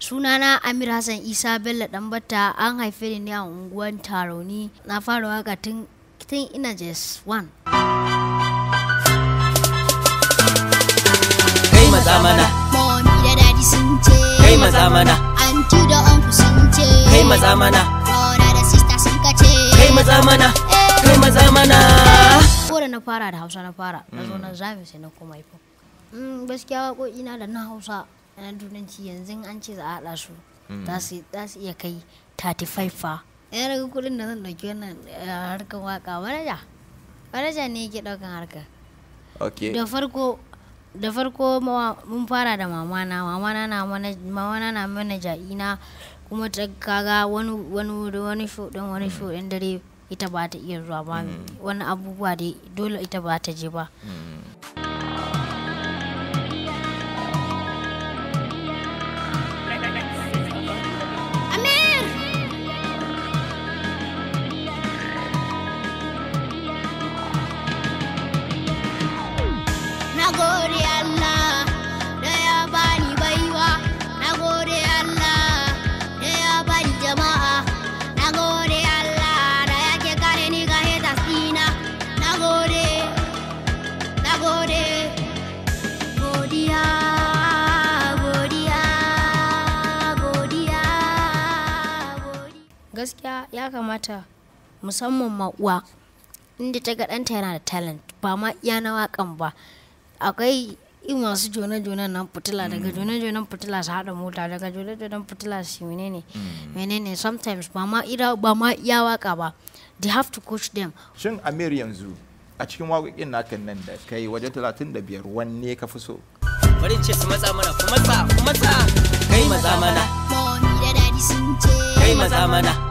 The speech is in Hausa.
sunana amir hassan isa bello dambata an haife ni ne a unguwar taroni na fara waka tun ina Jess 1 kai maza mana Mawami da dadi sun ce kai maza mana anti da uncle sun ce kai maza mana kora da sister sun kace kai maza mana eh. kai maza mana ko na fara da hausa na fara na zo na zame sai na koma hip mm, gaskiya waƙoƙi ina da na hausa na turanci yanzu an ce za a haɗa su hmm. za su iya kai 35 fa yana daga kudin da zan ɗauki wannan eh, harkar waka manaja manaja ne yake ɗaukan harkar da farko da farko mun fara da mamana mamana na mamana na manaja ina kuma ta kaga wani wani wani shodin wani hmm. shodin dare ita ba ta iya zuwa ba hmm. wani abubuwa dai dole ita ba ta je ba gaskiya ya kamata musamman ma uwa inda ta ga ɗanta yana da talent ba ma iya na waƙan ba akwai yi masu jona jona nan fitila daga jona mm. jona fitila su haɗa mota daga jona jona fitila su menene menene mm. sometimes ba ma ira ba ma iya waka ba they have to coach them shin amir yanzu a cikin waƙoƙin naka nan da kai waje 35 wanne ka fi so bari ce su matsa mana ku matsa ku matsa kai maza mana kai maza mana